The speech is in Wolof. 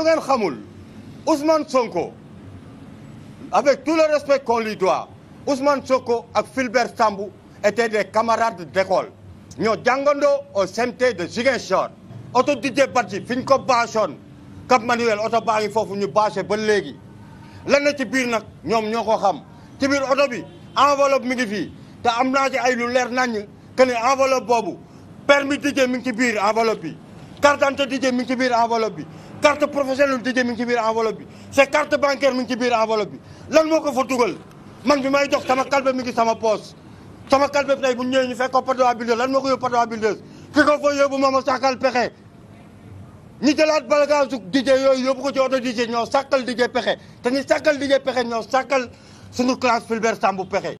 lu ngeen xamul Ousmane Sonko avec tout le respect qu'on lui doit Ousmane Sonko ak Fulbert Sambou étaient des camarades d'école ñoo jàngandoo au CMT de Ziguinchor oto Didier Badji fi ñu ko baasoon Cap Manuel oto baa ngi foofu ñu baase ba léegi lan na ci biir nag ñoom ñoo ko xam ci biir oto bi enveloppe mi ngi fii te am naa ci ay lu leer naññ que ne enveloppe boobu permis Didier mi ngi ci biir enveloppe bi carte d'identité Didier mi ngi ci biir enveloppe bi carte professionnelle Didier mi ngi bi sa carte bancaire mi ngi ci biir enveloppe bi lan moo ko man bi may dox sama kalbe mi sama poos sama kalbe bi tey bu ñu ñëwee ñu fekk ko padoa bildeuse lan moo ko yóbbu padoa bildeuse ki ko fa yóbbu mooma sàkkal pexe ñi jëlaat balagaasu Didier yooyu yóbbu ko ci oto Didier ñoo sàkkal Didier pexe te ñi sàkkal Didier pexe ñoo sàkkal suñu classe Fulbert Sambou pexe